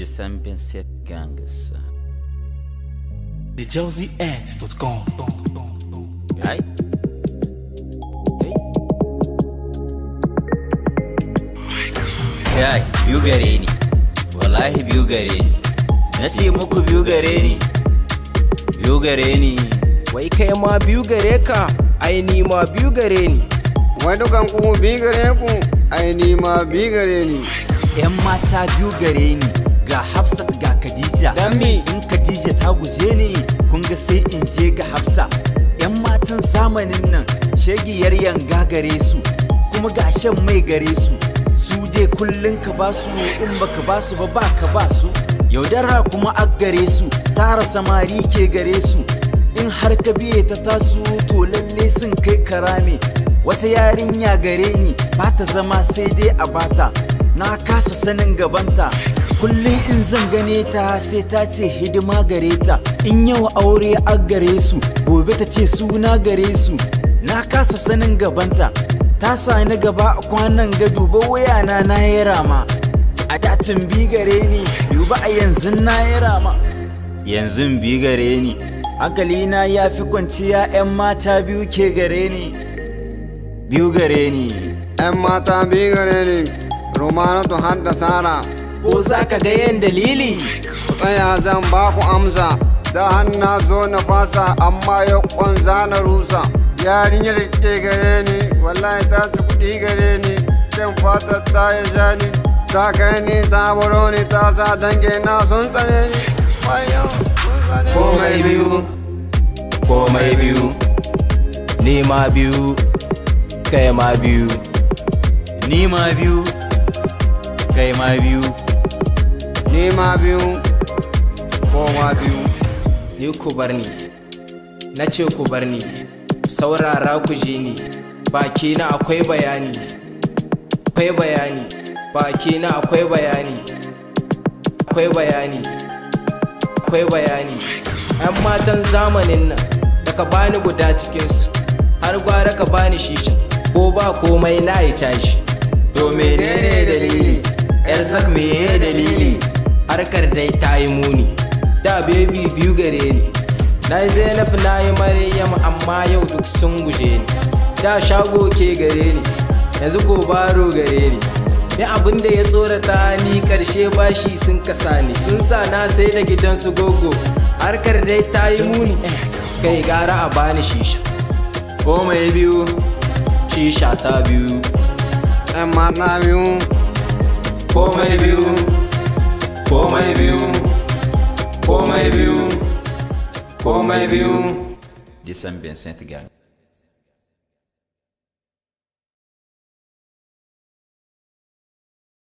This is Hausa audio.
December Gangs. Uh, TheJosieX.com. Right? Kai, biyu gare ni, wallahi biyu gare ni, na ce muku biyu gare ni, biyu gare ni. Wai kai ma biyu gare ka, ai ni ma biyu gare ni. Wai dukan ku biyu gare ku, ai ni ma biyu gare ni. ‘Yan mata biyu gare ni. ga hafsat ga khadija in khadija ta guje ni kun ga sai in je ga hafsa yan matan zamanin nan shagiyar yanga gare su kuma ga shan mai gare su su dai kullun ka ba su in baka ba su ba ba ka ba su yaudara kuma a gare su tara samari ke gare su in har ka biye ta tasu to lalle sun kai karame wata yarinya gare ni ba ta zama sai dai a bata na kasa sanin gabanta kullum in zan gane ta sai ta ce hidima gare ta in yawa aure a gare su gobe ta ce suna gare su na kasa sanin gabanta ta sani gaba a kwanan ga duba waya na yi rama a datin bi gare ni duba a yanzu na yi rama yanzu bi gare ni hankalina ya fi kwanciya 'yan mata biyu ke gare ni biyu gare ni 'yan mata biyu gare ni romana to har sara ko za ka ga yin dalili tsaya zan ba ku amsa da hanna zo na fasa amma ya ƙwanza na rusa yarinyar ke gare ni wallahi ta ci kuɗi gare ni zan fata ta yi jani ta kai ni ta baro ni ta sa dange na sun tsane ni komai biyu komai biyu ni ma biyu kai ma biyu ni ma biyu kai ma biyu nema biyu kowa biyu ni ku bar ni na ce ku bar ni saurara ku ji ni baki na akwai bayani akwai bayani baki na akwai bayani akwai bayani akwai bayani yan matan zamanin nan daga bani guda cikinsu har gwara ka bani shishin ko ba komai na yi tashi to menene dalili yar sak meye dalili dai ta yi muni da bebi biyu gare ni na yi zainab na yi maryam amma yau duk sun guje ni da shago ke gare ni yanzu ko baro gare ni ni abin da ya tsorata ni karshe bashi sun kasa ni sun sa na sai da gidan su gogo harkar dai ta yi muni kai gara a bani shisha ko mai biyu shisha ta biyu ɗan mata biyu ko mai biyu komai biyu komai biyu komai biyu disan vincent gang